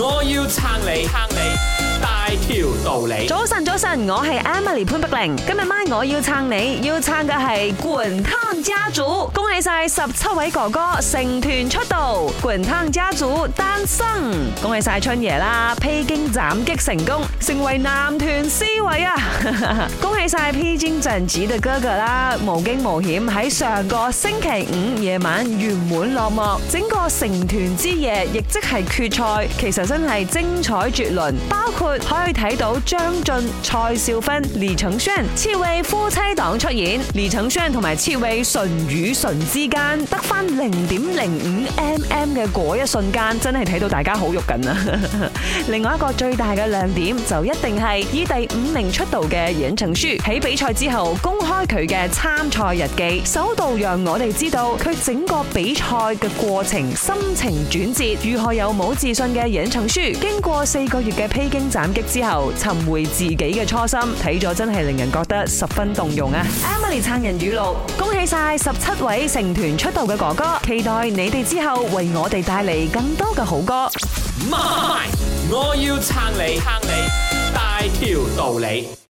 我要撐你，撐你大條道理。早晨，早晨，我係 Emily 潘碧玲。今日晚我要撐你，要撐嘅係《滾燙家族》。恭喜晒十七位哥哥成團出道，《滾燙家族》誕生。恭喜晒春爺啦，披荊斬棘成功，成為男團 C 位啊！ 恭喜晒披荊陣子嘅哥哥啦，無驚無險喺上個星期五夜晚圓滿落幕。整個成團之夜亦即係決賽，其實真係精彩絕倫，包括可以睇到張晉、蔡少芬、李承鉉，七位夫妻。出演李橙雙同埋切衛唇與唇之間得返零點零五 mm 嘅一瞬間，真係睇到大家好肉緊啊！另外一個最大嘅亮點就一定係以第五名出道嘅演唱書喺比賽之後公開佢嘅參賽日記，首度讓我哋知道佢整個比賽嘅過程、心情轉折，如何有冇自信嘅演唱書經過四個月嘅披荊斬棘之後，尋回自己嘅初心，睇咗真係令人覺得十分動容。Emily 撐人語錄，恭喜晒十七位成團出道嘅哥哥，期待你哋之後為我哋帶嚟更多嘅好歌。我要撐你，撐你，大條道理。